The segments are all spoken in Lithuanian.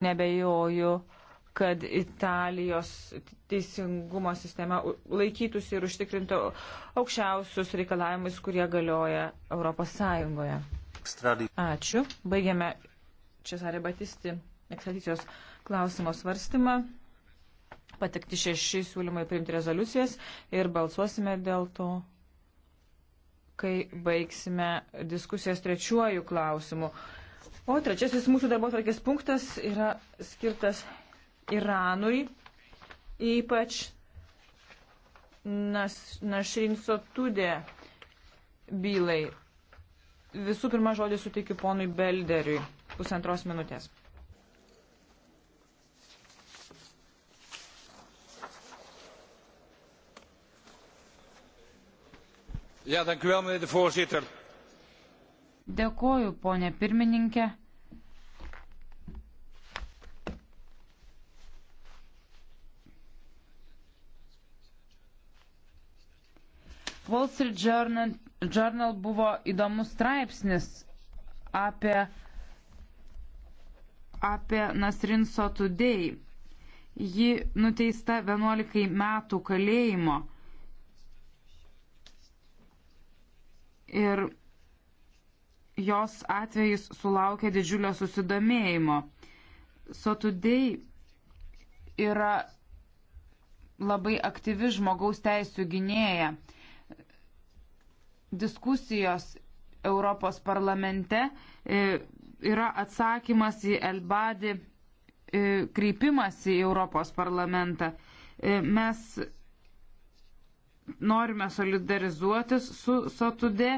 nebejoju, kad Italijos teisingumo sistema laikytųsi ir užtikrintų aukščiausius reikalavimus, kurie galioja Europos Sąjungoje. Ačiū. Baigiame Česarė Batisti ekstradicijos klausimo svarstymą. Patekti šeši siūlymai priimti rezoliucijas ir balsuosime dėl to, kai baigsime diskusijas trečiuoju klausimu. O trečiasis mūsų darbo tvarkės punktas yra skirtas Iranui, ypač Našrinso Tudė bylai. Visų pirma, žodį suteikiu ponui Belderiui pusantros minutės. Ja, dank u wel, meneer de voorzitter. Dėkoju, ponė pirmininkė. Wall Street Journal, Journal buvo įdomus straipsnis apie, apie Nasrin Sotudei. Ji nuteista 11 metų kalėjimo. Ir jos atvejais sulaukė didžiulio susidomėjimo. Sotudei yra labai aktyvi žmogaus teisų gynėja. Diskusijos Europos parlamente e, yra atsakymas į Elbadį e, kreipimąsi į Europos parlamentą. E, mes norime solidarizuotis su Satudė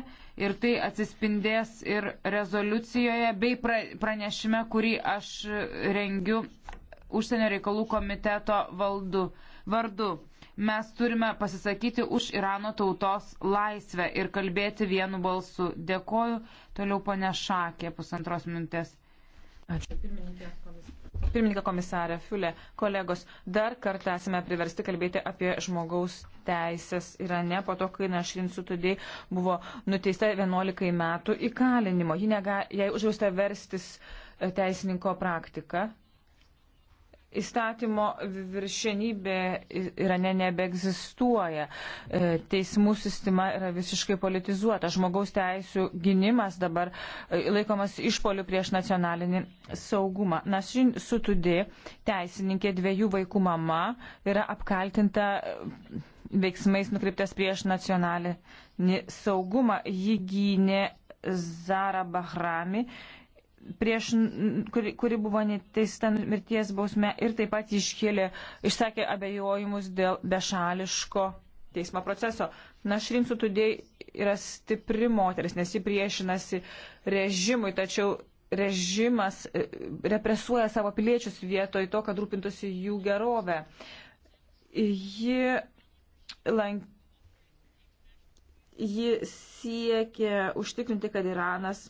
ir tai atsispindės ir rezoliucijoje bei pranešime, kurį aš rengiu užsienio reikalų komiteto valdu, vardu. Mes turime pasisakyti už Irano tautos laisvę ir kalbėti vienu balsu. Dėkoju. Toliau ponė Šakė, pusantros minutės. Ačiū. Pirmininkė, komisija. Pirmininką komisarę Fiulę, kolegos, dar kartą esame priversti kalbėti apie žmogaus teisės Irane po to, kai Našrin Sutudė buvo nuteista 11 metų įkalinimo. Ji nega, jai užjausta verstis e, teisininko praktiką, Įstatymo viršenybė Irane nebeegzistuoja. E, teismų sistema yra visiškai politizuota. Žmogaus teisų gynimas dabar e, laikomas išpoliu prieš nacionalinį saugumą. Nasin Sutudė, teisininkė dviejų vaikų mama, yra apkaltinta e, veiksmais nukreiptas prieš nacionalinį saugumą. Ji gynė Zara Bahrami prieš, kuri, kuri buvo neteista mirties bausme ir taip pat iškėlė, išsakė abejojimus dėl bešališko teismo proceso. Našrin Sutudėj yra stipri moteris, nes ji priešinasi režimui, tačiau režimas e, represuoja savo piliečius vietoj to, kad rūpintųsi jų gerovę. Ji, lank... ji siekia užtikrinti, kad Iranas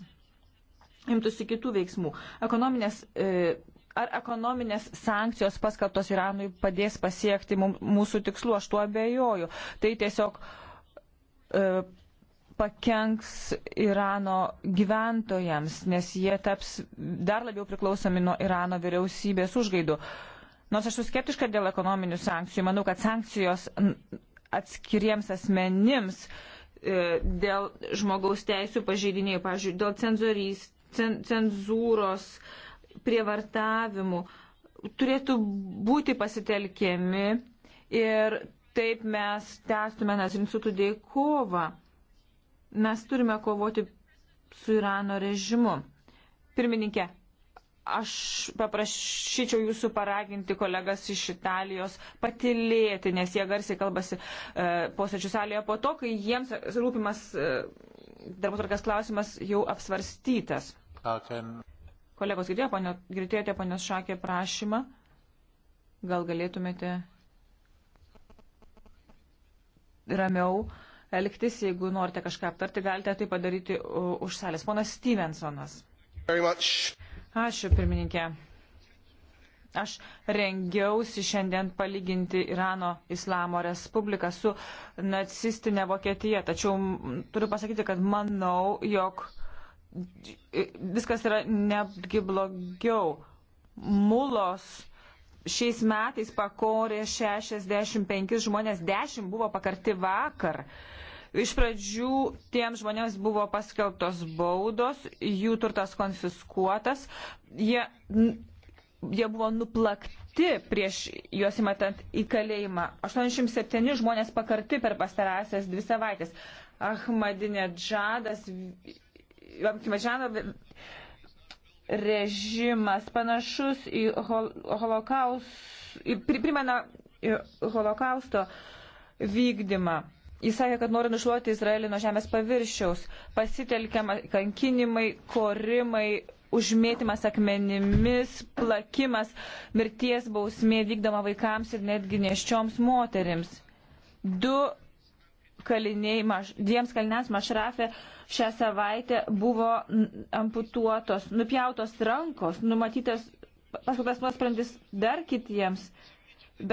imtųsi kitų veiksmų. Ekonominės, e, ar ekonominės sankcijos paskaptos Iranui padės pasiekti mūsų tikslų, aš tuo abejoju. Tai tiesiog e, pakenks Irano gyventojams, nes jie taps dar labiau priklausomi nuo Irano vyriausybės užgaidų. Nors aš esu skeptiška dėl ekonominių sankcijų, manau, kad sankcijos atskiriems asmenims e, dėl žmogaus teisų pažeidinėjų, pavyzdžiui, dėl cenzorys, cenzūros, prievartavimų turėtų būti pasitelkiami ir taip mes tęstume Nazrinsutų dėkovą. Mes turime kovoti su Irano režimu. Pirmininkė, aš paprašyčiau jūsų paraginti kolegas iš Italijos patilėti, nes jie garsiai kalbasi e, posėdžių salėje po to, kai jiems rūpimas e, darbotvarkės klausimas jau apsvarstytas. Aten. Kolegos, girdėjote ponio, girdėjo ponios Šakė prašymą? Gal galėtumėte ramiau elgtis, jeigu norite kažką aptarti, galite tai padaryti už salės. Ponas Stevensonas. Ačiū, pirmininkė. Aš rengiausi šiandien palyginti Irano Islamo Respubliką su nacistinė Vokietija, tačiau turiu pasakyti, kad manau, jog viskas yra netgi blogiau. Mulos šiais metais pakorė 65 žmonės, 10 buvo pakarti vakar. Iš pradžių tiems žmonėms buvo paskelbtos baudos, jų turtas konfiskuotas. Jie jie buvo nuplakti prieš juos įmatant į kalėjimą. 87 žmonės pakarti per pastarąsias dvi savaitės. Ahmadinedžadas, Ahmadinedžado režimas panašus į holokaustą, primena holokausto vykdymą. Jis sakė, kad nori nušluoti Izraelį nuo žemės paviršiaus. Pasitelkiama kankinimai, korimai, užmėtymas akmenimis, plakimas, mirties bausmė vykdoma vaikams ir netgi neščioms moterims. Du kaliniai, maž, dviems kaliniams Mašrafė šią savaitę buvo amputuotos, nupjautos rankos, numatytas paskutas nuosprendis dar kitiems.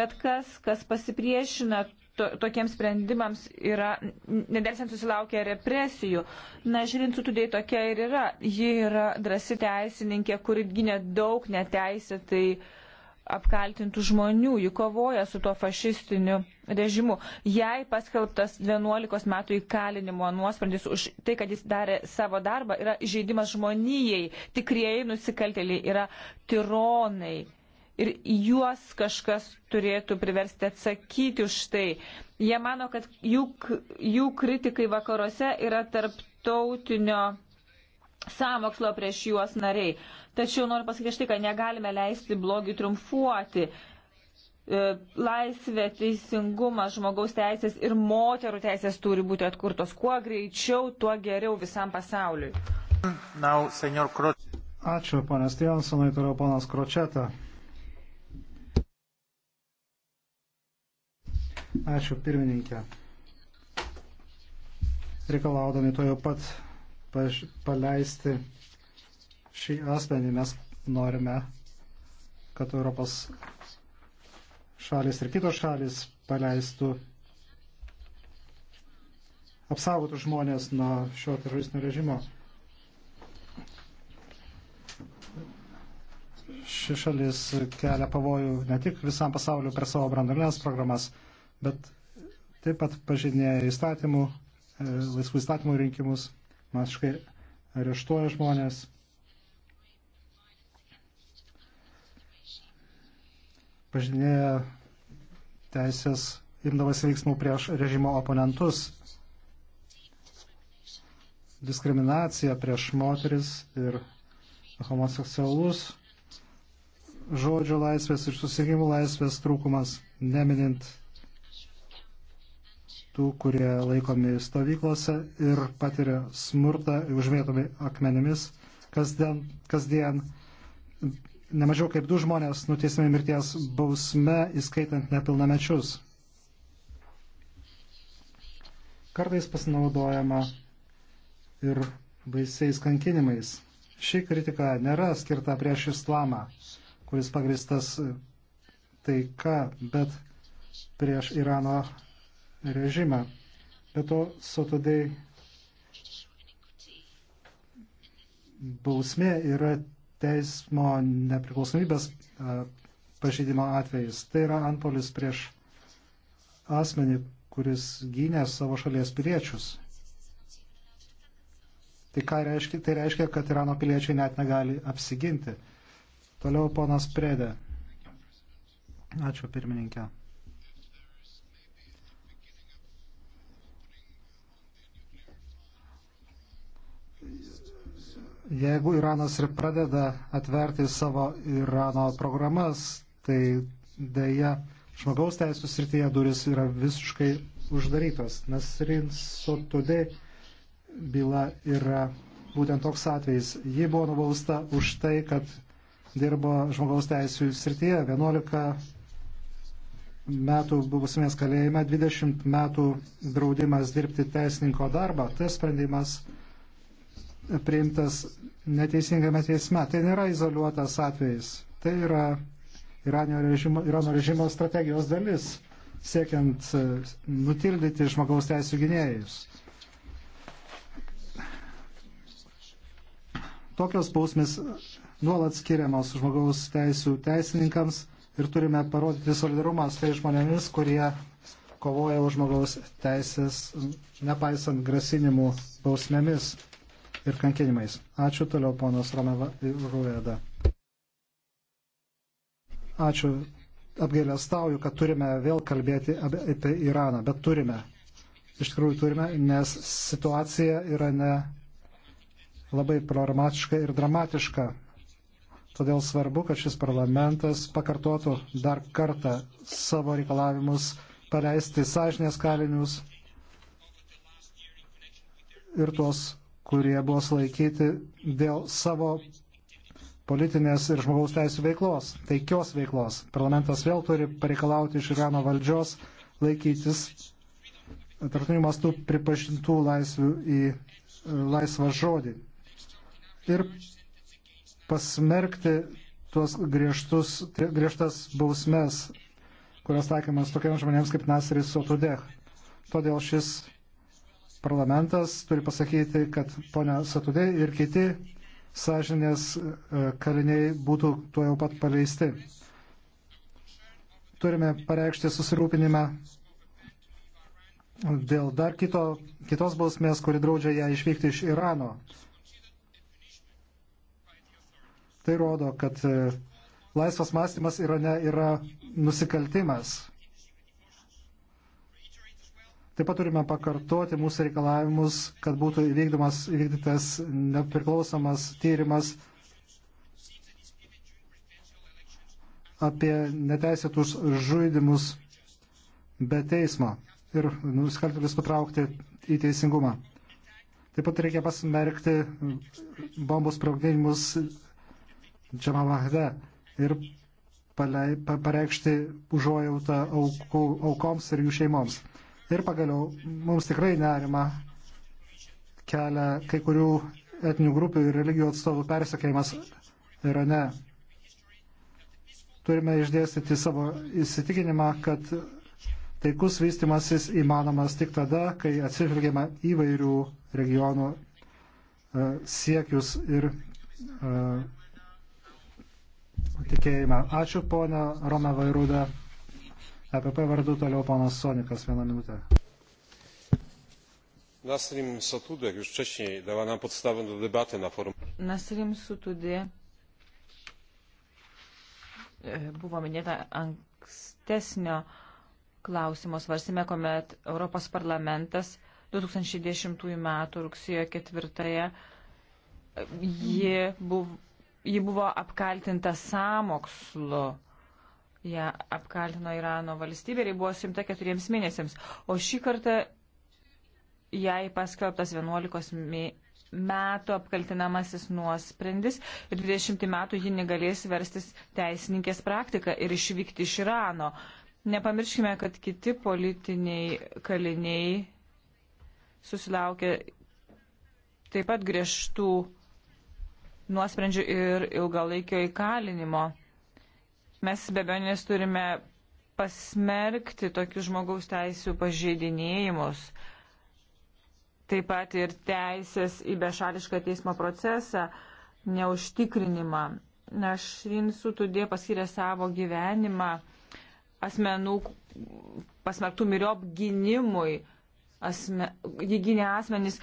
Bet kas, kas pasipriešina to, tokiems sprendimams yra, nedelsiant susilaukia represijų. Na, žiūrint, sutudėjai tokia ir yra. Ji yra drasi teisininkė, kuri gynė daug neteisėtai apkaltintų žmonių, ji kovoja su tuo fašistiniu režimu. Jai paskelbtas 11 metų įkalinimo nuosprendis už tai, kad jis darė savo darbą, yra žaidimas žmonijai, tikrieji nusikaltėliai yra tironai ir juos kažkas turėtų priversti atsakyti už tai. Jie mano, kad jų, jų kritikai vakaruose yra tarptautinio sąmokslo prieš juos nariai. Tačiau noriu pasakyti štai, kad negalime leisti blogiui triumfuoti. E, laisvė, teisingumas, žmogaus teisės ir moterų teisės turi būti atkurtos. Kuo greičiau, tuo geriau visam pasauliui. Now, Ačiū, ponas Tijansonai, turiu ponas Kročetą. Ačiū pirmininkė. Reikalaudami to jau pat paž, paleisti šį asmenį mes norime, kad Europos šalis ir kitos šalis paleistų, apsaugotų žmonės nuo šio teroristinio režimo. Ši šalis kelia pavojų ne tik visam pasauliu per savo branduolinės programas, bet taip pat pažeidinėja įstatymų, e, laisvų įstatymų rinkimus, masiškai areštuoja žmonės. Pažinėja teisės imdavas veiksmų prieš režimo oponentus. Diskriminacija prieš moteris ir homoseksualus, žodžio laisvės ir susirinkimų laisvės trūkumas, neminint tų, kurie laikomi stovyklose ir patiria smurtą, užmėtomi akmenimis kasdien, kasdien. Nemažiau kaip du žmonės nuteisami mirties bausme, įskaitant nepilnamečius. Kartais pasinaudojama ir baisiais kankinimais. Ši kritika nėra skirta prieš islamą, kuris pagristas taika, bet prieš Irano režimą. Be to, sotadai bausmė yra teismo nepriklausomybės pažydimo atvejais. Tai yra antpolis prieš asmenį, kuris gynė savo šalies piliečius. Tai, reiškia, tai reiškia, kad Irano piliečiai net negali apsiginti. Toliau ponas Predė. Ačiū pirmininkė. Jeigu Iranas ir pradeda atverti savo Irano programas, tai dėja žmogaus teisų srityje duris yra visiškai uždarytos. Nasrin Sotudė byla yra būtent toks atvejis. Ji buvo nubausta už tai, kad dirbo žmogaus teisų srityje 11 metų buvusimės kalėjime, 20 metų draudimas dirbti teisininko darbą. Tas sprendimas priimtas neteisingame teisme. Tai nėra izoliuotas atvejis. Tai yra Irano režimo, Irano režimo strategijos dalis, siekiant e, nutildyti žmogaus teisų gynėjus. Tokios bausmės nuolat skiriamos žmogaus teisų teisininkams ir turime parodyti solidarumą su tai žmonėmis, kurie kovoja už žmogaus teisės, nepaisant grasinimų bausmėmis ir kankinimais. Ačiū toliau, ponas Romeva Rueda. Ačiū. Apgailę stauju, kad turime vėl kalbėti apie Iraną, bet turime. Iš tikrųjų turime, nes situacija yra ne labai problematiška ir dramatiška. Todėl svarbu, kad šis parlamentas pakartotų dar kartą savo reikalavimus paleisti sąžinės kalinius ir tuos kurie buvo sulaikyti dėl savo politinės ir žmogaus teisų veiklos, taikios veiklos. Parlamentas vėl turi pareikalauti iš Irano valdžios laikytis tarptautinių mastų pripažintų laisvių į e, laisvą žodį. Ir pasmerkti tuos griežtus, griežtas bausmes, kurios taikymas tokiems žmonėms kaip Nasiris Sotudeh. Todėl šis parlamentas turi pasakyti, kad ponia Satudė ir kiti sąžinės e, kaliniai būtų tuo jau pat paleisti. Turime pareikšti susirūpinimą dėl dar kito, kitos bausmės, kuri draudžia ją išvykti iš Irano. Tai rodo, kad e, laisvas mąstymas Irane yra nusikaltimas. Taip pat turime pakartoti mūsų reikalavimus, kad būtų įvykdomas, įvykdytas nepriklausomas tyrimas apie neteisėtus žaidimus be teismo ir nusikaltėlius patraukti į teisingumą. Taip pat reikia pasmerkti bombos sprogdinimus Džamavahde ir palei, pareikšti užuojautą aukų, aukoms ir jų šeimoms. Ir pagaliau mums tikrai nerima kelia kai kurių etinių grupių ir religijų atstovų persekėjimas Irane. Turime išdėstyti savo įsitikinimą, kad taikus vystimasis įmanomas tik tada, kai atsižvelgiama įvairių regionų e, siekius ir e, tikėjimą. Ačiū ponia Roma Vairūda. APP vardu toliau ponas Sonikas, vieną minutę. Nasrim Sotudek już wcześniej dała nam podstawę do debaty na forum. Nasrim Sotudė e, buvo minėta ankstesnio klausimo svarsime, kuomet Europos parlamentas 2010 m. rugsėjo 4 e, ji buvo, ji buvo apkaltinta samokslu ją ja, apkaltino Irano valstybė ir buvo suimta keturiems mėnesiams. O šį kartą jai paskelbtas 11 metų apkaltinamasis nuosprendis ir 20 metų ji negalės verstis teisininkės praktiką ir išvykti iš Irano. Nepamirškime, kad kiti politiniai kaliniai susilaukė taip pat griežtų nuosprendžių ir ilgalaikio įkalinimo. Mes be abejonės turime pasmerkti tokius žmogaus teisų pažeidinėjimus, taip pat ir teisės į bešališką teismo procesą neužtikrinimą. Našrin Sutudė paskyrė savo gyvenimą asmenų pasmerktų miriop gynimui. Asme, jį gynė asmenys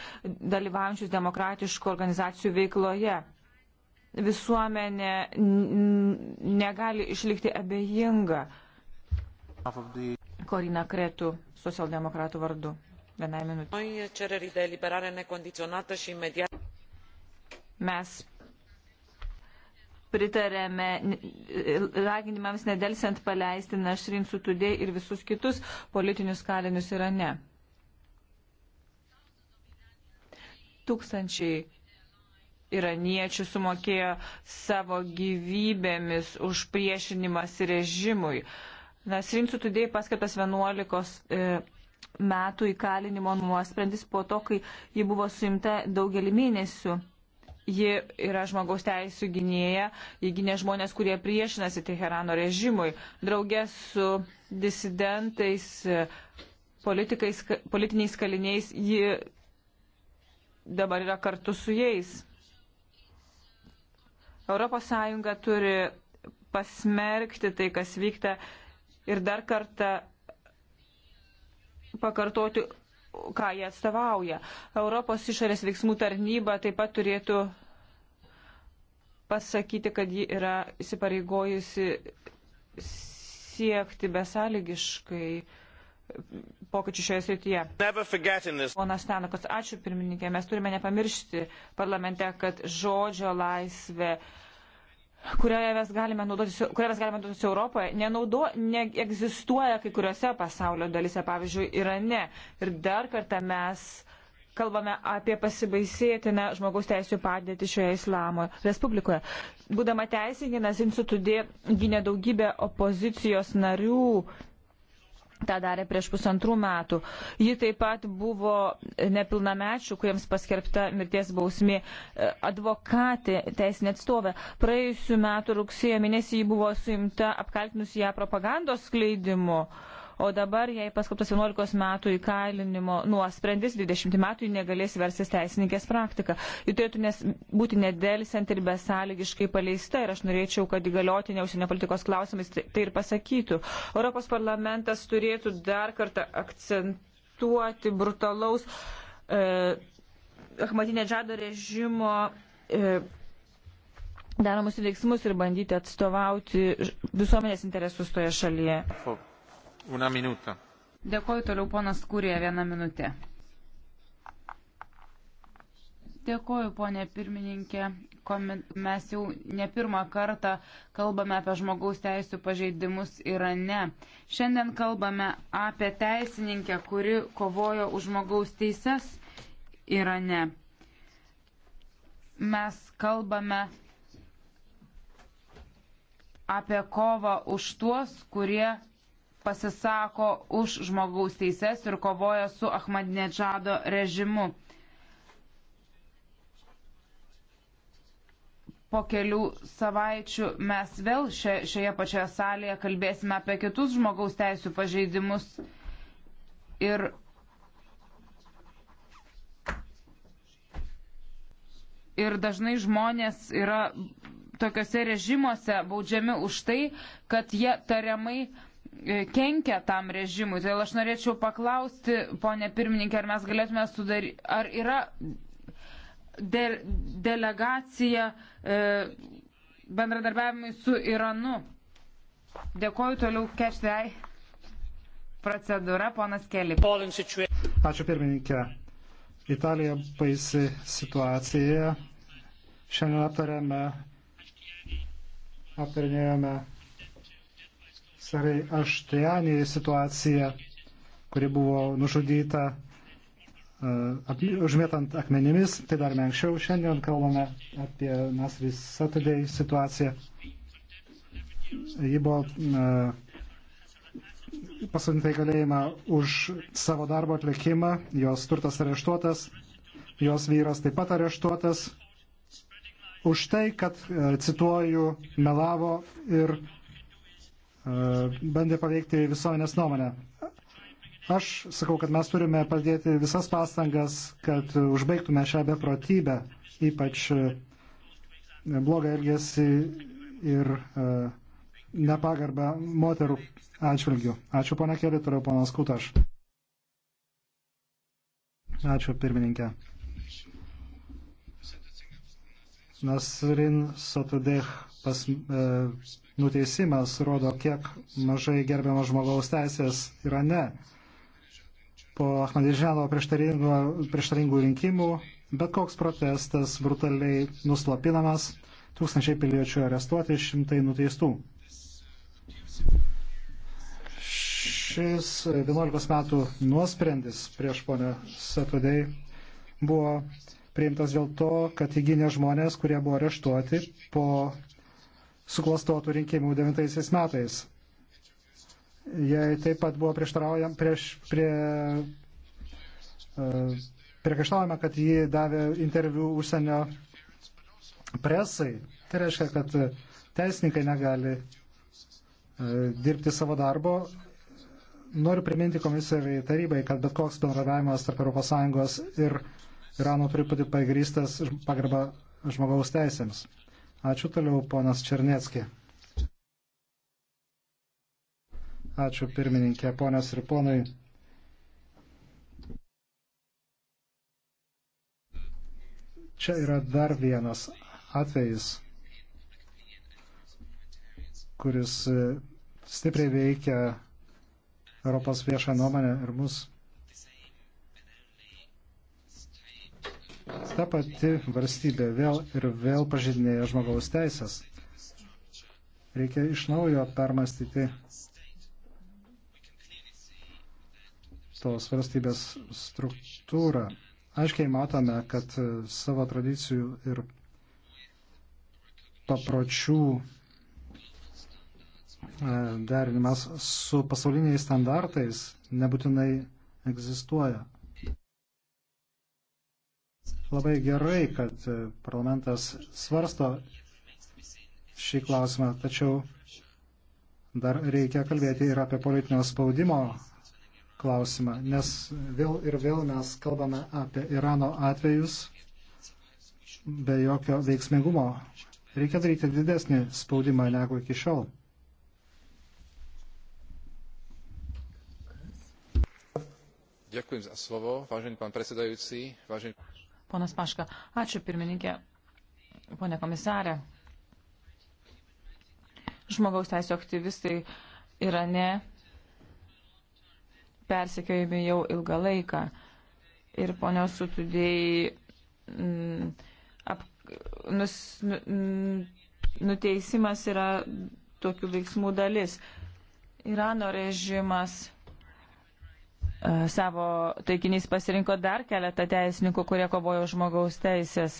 dalyvaujančius demokratiškų organizacijų veikloje visuomenė negali išlikti abejinga. Korina Kretų, socialdemokratų vardu. Vienai minutė. Mes pritarėme raginimams nedelsiant paleisti Našrin Sutudė ir visus kitus politinius kalinius Irane. Tūkstančiai iraniečių sumokėjo savo gyvybėmis už priešinimas režimui. Nasrin Sutudėjai paskirtas 11 e, metų įkalinimo nuosprendis po to, kai ji buvo suimta daugelį mėnesių. Ji yra žmogaus teisų gynėja, ji gynė žmonės, kurie priešinasi Teherano režimui. Draugė su disidentais, e, politikais, politiniais kaliniais, ji dabar yra kartu su jais. ES turi pasmerkti tai, kas vyksta ir dar kartą pakartoti, ką jie atstovauja. Europos išorės veiksmų tarnyba taip pat turėtų pasakyti, kad ji yra įsipareigojusi siekti besąlygiškai pokyčių šioje srityje. Ponas Stanukas, ačiū pirmininkė. Mes turime nepamiršti parlamente, kad žodžio laisvė kurioje mes galime naudotis, kurioje mes galime naudotis Europoje, nenaudo, neegzistuoja kai kuriuose pasaulio dalise, pavyzdžiui, Irane. Ir dar kartą mes kalbame apie pasibaisėtiną žmogaus teisų padėtį šioje Islamo Respublikoje. Būdama teisinginas, institutė gynė daugybę opozicijos narių tą darė prieš pusantrų metų. Ji taip pat buvo nepilnamečių, kuriems paskelbta mirties bausmė e, advokatė, teisinė atstovė. Praėjusiu metu rugsėjo mėnesį ji buvo suimta apkaltinus ją propagandos skleidimu. Uh, o dabar jai paskaptas 11 metų įkalinimo nuosprendis, 20 metų ji negalės versis teisininkės praktiką. Ji turėtų nes, būti nedelsiant ir besąlygiškai paleista ir aš norėčiau, kad įgaliotinė užsienio politikos klausimais tai, tai ir pasakytų. Europos parlamentas turėtų dar kartą akcentuoti brutalaus eh, Ahmadinedžado režimo eh, daromus veiksmus ir bandyti atstovauti visuomenės interesus toje šalyje. Fok. Una minuta. Dėkoju toliau ponas Kūrė, vieną minutę. Dėkoju, ponė pirmininkė. Mes jau ne pirmą kartą kalbame apie žmogaus teisų pažeidimus Irane. Šiandien kalbame apie teisininkę, kuri kovojo už žmogaus teises Irane. Mes kalbame apie kovą už tuos, kurie pasisako už žmogaus teises ir kovoja su Ahmadinečado režimu. Po kelių savaičių mes vėl šioje pačioje salėje kalbėsime apie kitus žmogaus teisų pažeidimus ir ir dažnai žmonės yra tokiuose režimuose baudžiami už tai, kad jie tariamai E, kenkia tam režimui. Todėl aš norėčiau paklausti, ponė pirmininkė, ar mes galėtume sudaryti, ar yra de, delegacija e, bendradarbiavimui su Iranu. Dėkoju toliau, keštai. Procedūra, ponas Keli. Ačiū pirmininkė. Italija baisi situacija. Šiandien aptarėme, aptarinėjome Sarai Aštianį situaciją, kuri buvo nužudyta e, užmėtant akmenimis, tai dar anksčiau šiandien kalbame apie Nasri Satudėj situaciją. Ji buvo e, pasodinta į kalėjimą už savo darbo atlikimą, jos turtas areštuotas, jos vyras taip pat areštuotas, už tai, kad, e, cituoju, melavo ir bandė paveikti visuomenės nuomonę. Aš sakau, kad mes turime padėti visas pastangas, kad užbaigtume šią beprotybę, ypač e, blogą elgesį ir e, nepagarbą moterų atžvilgių. Ačiū, pana Keli, turiu panas Kutaš. Ačiū, pirmininkė. Nasrin Sotudeh pas, e, nuteisimas rodo, kiek mažai gerbiamas žmogaus teisės Irane. Po Ahmadinežano prieštaringų rinkimų bet koks protestas brutaliai nuslapinamas, tūkstančiai piliečių areštuoti, šimtai nuteistų. Šis 11 metų nuosprendis prieš ponę Satudei buvo priimtas dėl to, kad įginė žmonės, kurie buvo areštuoti po suklastotų rinkimų 9 metais. Jei taip pat buvo prieštaraujama prieš, prie, e, priekaištaujama, kad ji davė interviu užsienio presai. Tai reiškia, kad teisininkai negali e, dirbti savo darbo. Noriu priminti komisijai tarybai, kad bet koks bendradavimas tarp ES ir Irano turi būti pagrįstas pagarba žmogaus teisėms. Ačiū toliau, ponas Černiecki. Ačiū pirmininkė, ponios ir ponai. Čia yra dar vienas atvejis, kuris stipriai veikia Europos viešą nuomonę ir mus. ta pati valstybė vėl ir vėl pažydinėja žmogaus teisės. Reikia iš naujo permastyti tos valstybės struktūrą. Aiškiai matome, kad savo tradicijų ir papročių e, derinimas su pasauliniais standartais nebūtinai egzistuoja. Labai gerai, kad e, parlamentas svarsto šį klausimą, tačiau dar reikia kalbėti ir apie politinio spaudimo klausimą, nes vėl ir vėl mes kalbame apie Irano atvejus be jokio veiksmingumo. Reikia daryti didesnį spaudimą negu iki šiol. Ďakujem za slovo, vážený pán predsedajúci. Vážený... Ponas Paška, ačiū pirmininkė, ponė komisarė. Žmogaus teisų aktyvistai Irane persekiojami jau ilgą laiką. Ir ponios sutudėjai mm, ap, nus, n, nu- mm, nuteisimas yra tokių veiksmų dalis. Irano režimas E, savo taikiniais pasirinko dar keletą teisininkų, kurie kovojo žmogaus teisės.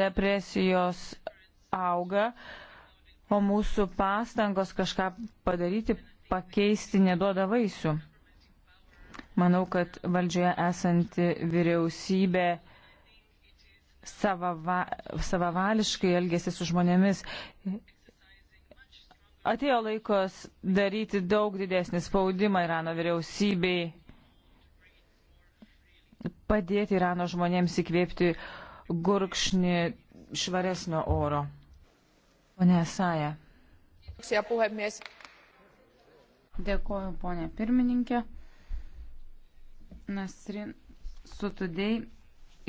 Represijos auga, o mūsų pastangos kažką padaryti, pakeisti neduoda vaisių. Manau, kad valdžioje esanti vyriausybė savava, savavališkai elgėsi su žmonėmis. Atėjo laikos daryti daug didesnį spaudimą Irano vyriausybei padėti Irano žmonėms įkvėpti gurkšnį švaresnio oro. Pone Saja. Dėkoju, ponė pirmininkė. Nasrin Sutudei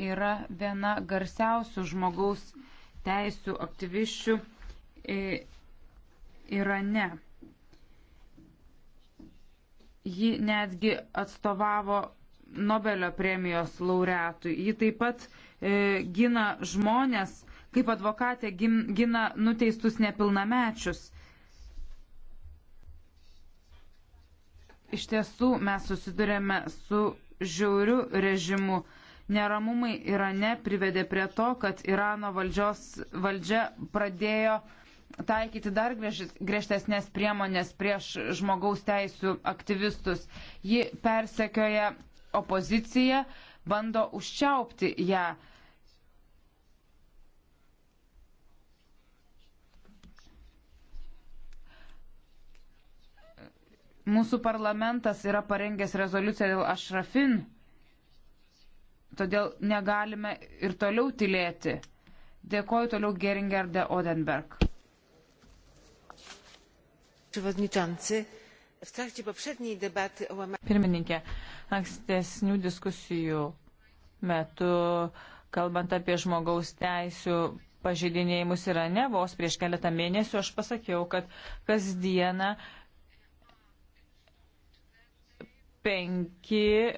yra viena garsiausių žmogaus teisų aktyviščių e, Irane. Ji netgi atstovavo Nobelio premijos laureatui. Ji taip pat e, gina žmonės, kaip advokatė gina nuteistus nepilnamečius. Iš tiesų mes susidurėme su žiauriu režimu. Neramumai Irane privedė prie to, kad Irano valdžios, valdžia pradėjo taikyti dar griežtesnės priemonės prieš žmogaus teisų aktyvistus. Ji persekioja opozicija bando užčiaupti ją. Mūsų parlamentas yra parengęs rezoliuciją dėl Ašrafin, todėl negalime ir toliau tylėti. Dėkoju toliau Geringerde Odenberg. Przewodniczący, Pirmininkė, ankstesnių diskusijų metu, kalbant apie žmogaus teisų pažeidinėjimus Irane, vos prieš keletą mėnesių aš pasakiau, kad kasdieną penki e,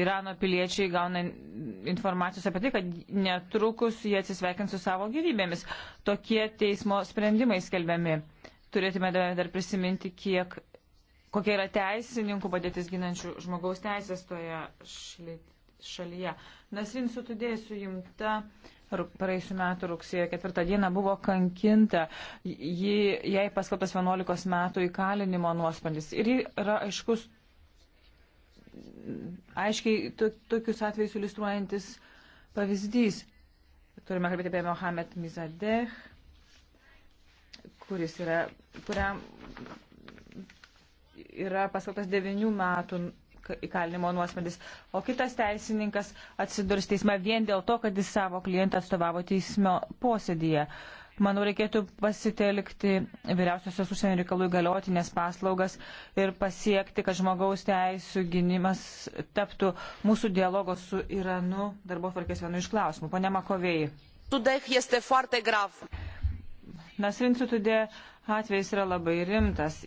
Irano piliečiai gauna informacijos apie tai, kad netrukus jie atsisveikins su savo gyvybėmis. Tokie teismo sprendimai skelbiami turėtume dar prisiminti, kiek, kokia yra teisininkų padėtis ginančių žmogaus teisės toje šalyje. Nasrin Sutudė suimta praėjusiu metu rugsėjo ketvirtą dieną buvo kankinta. Ji, jai paskaltas 11 metų įkalinimo nuosprendis. Ir yra aiškus, aiškiai to, tokius atvejus iliustruojantis pavyzdys. Turime kalbėti apie Mohamed Mizadeh, kuris yra, kuriam yra paskaltas devinių metų įkalinimo nuosmedis, o kitas teisininkas atsidurs teisme vien dėl to, kad jis savo klientą atstovavo teismo posėdėje. Manau, reikėtų pasitelkti vyriausiosios užsienio reikalų įgaliotinės paslaugas ir pasiekti, kad žmogaus teisų gynimas taptų mūsų dialogo su Iranu darbo tvarkės vienu iš klausimų. Pone Makovėjai. Sudeh este foarte grav. Nasrin Sutudė atvejs yra labai rimtas.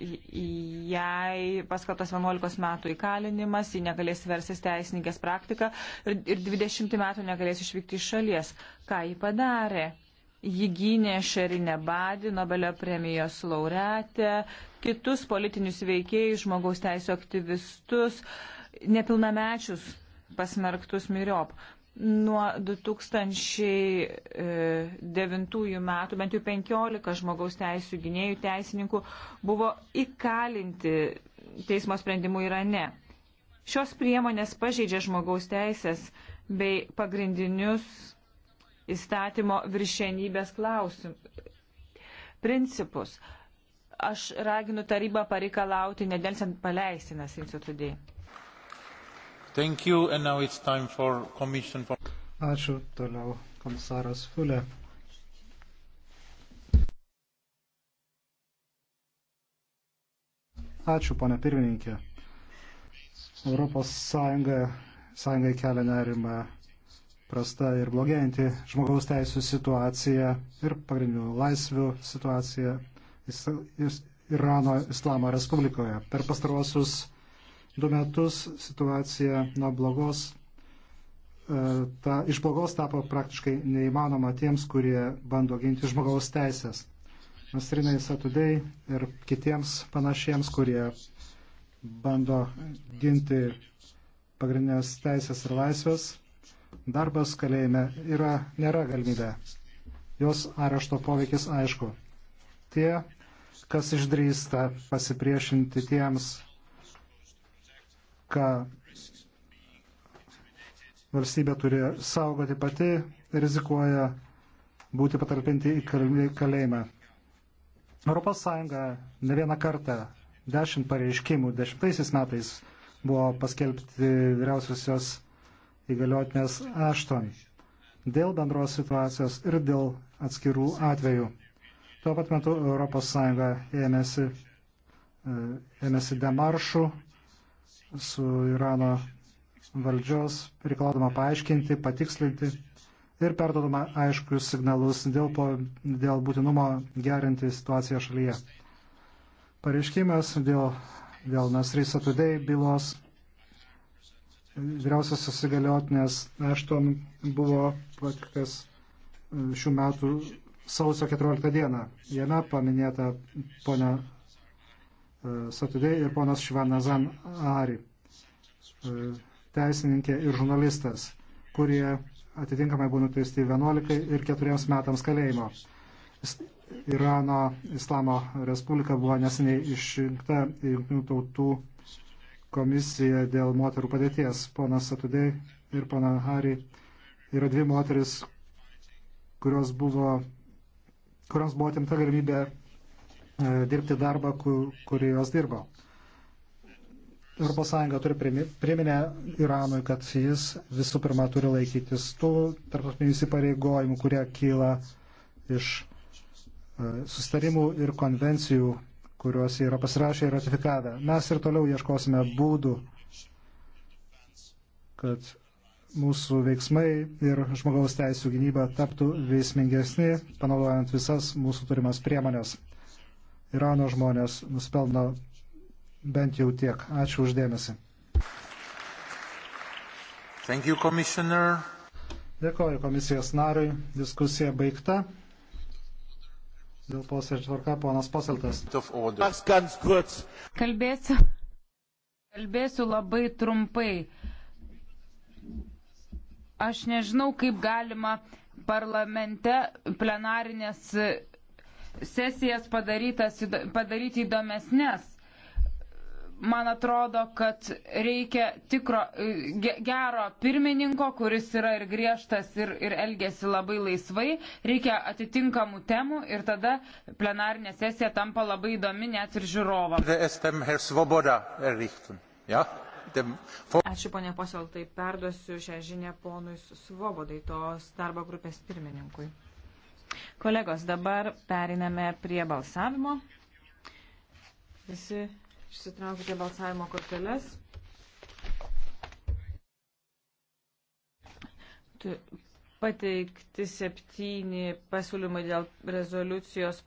Jai paskatas 11 metų įkalinimas, ji negalės versis teisininkės praktiką ir, ir 20 metų negalės išvykti iš šalies. Ką ji padarė? Ji gynė Šerinę Badį, Nobelio premijos laureatę, kitus politinius veikėjus, žmogaus teisų aktyvistus, nepilnamečius pasmerktus miriop. Nuo 2009 e, metų bent jau 15 žmogaus teisų gynėjų teisininkų buvo įkalinti teismo sprendimu Irane. Šios priemonės pažeidžia žmogaus teisės bei pagrindinius įstatymo viršenybės klausim, principus. Aš raginu tarybą pareikalauti nedelsiant paleisti Nasinsiu Tudėjai. Thank you, and now it's time for commission for... Ačiū, toliau komisaras Fulė. Ačiū, ponė pirmininkė. Europos Sąjunga, Sąjungai kelia nerimą prasta ir blogėjanti žmogaus teisų situacija ir pagrindinių laisvių situacija Irano Islamo Respublikoje. Per pastarosius du metus situacija nuo blogos, e, ta, iš blogos tapo praktiškai neįmanoma tiems, kurie bando ginti žmogaus teisės. Nasrinai Satudei ir kitiems panašiems, kurie bando ginti pagrindinės teisės ir laisvės, darbas kalėjime yra, nėra galimybė. Jos arešto poveikis aišku. Tie, kas išdrįsta pasipriešinti tiems, ką valstybė turi saugoti pati, rizikuoja būti patalpinti į kalėjimą. Europos Sąjunga ne vieną kartą dešimt pareiškimų dešimtaisiais metais buvo paskelbti vyriausiosios įgaliotinės Ašton dėl bendros situacijos ir dėl atskirų atvejų. Tuo pat metu ES ėmėsi, e, ėmėsi demaršų su Irano valdžios, reikalaudama paaiškinti, patikslinti ir perdodama aiškius signalus dėl, po, dėl būtinumo gerinti situaciją šalyje. Pareiškimas dėl, dėl Nasrys Atudei bylos vyriausias susigaliotinės Ešton buvo patiktas e, šių metų sausio 14 dieną. Jame paminėta ponia Satudei ir ponas Švanazan Ari, e, teisininkė ir žurnalistas, kurie atitinkamai buvo nuteisti 11 ir 4 metams kalėjimo. Irano Islamo Respublika buvo neseniai išrinkta Junktinių tautų komisija dėl moterų padėties. Ponas Satudei ir pana Hari yra dvi moteris, kurios buvo, kurios buvo atimta galimybė E, dirbti darbą, kur, kurį jos dirbo. ES turi priminę Iranui, kad jis visų pirma turi laikytis tų tarptautinių įsipareigojimų, kurie kyla iš e, sustarimų ir konvencijų, kuriuos yra pasirašę ir ratifikavę. Mes ir toliau ieškosime būdų, kad mūsų veiksmai ir žmogaus teisų gynyba taptų veiksmingesni, panaudojant visas mūsų turimas priemonės. Irano žmonės nuspelno bent jau tiek. Ačiū uždėmesi. Thank you, Dėkoju komisijos nariui. Diskusija baigta. Dėl posėdžio tvarka ponas Poseltas. Kalbėsiu, kalbėsiu labai trumpai. Aš nežinau, kaip galima parlamente plenarinės sesijas padaryti įdomesnės. Man atrodo, kad reikia tikro gero pirmininko, kuris yra ir griežtas, ir, ir elgesi labai laisvai. Reikia atitinkamų temų ir tada plenarinė sesija tampa labai įdomi net ir žiūrovams. Ačiū ponė Posel, tai perduosiu šią žinę ponui Svobodai, tos darbo grupės pirmininkui. Kolegos, dabar periname prie balsavimo. Visi išsitraukite balsavimo korteles. Pateikti septyni pasiūlymai dėl rezoliucijos.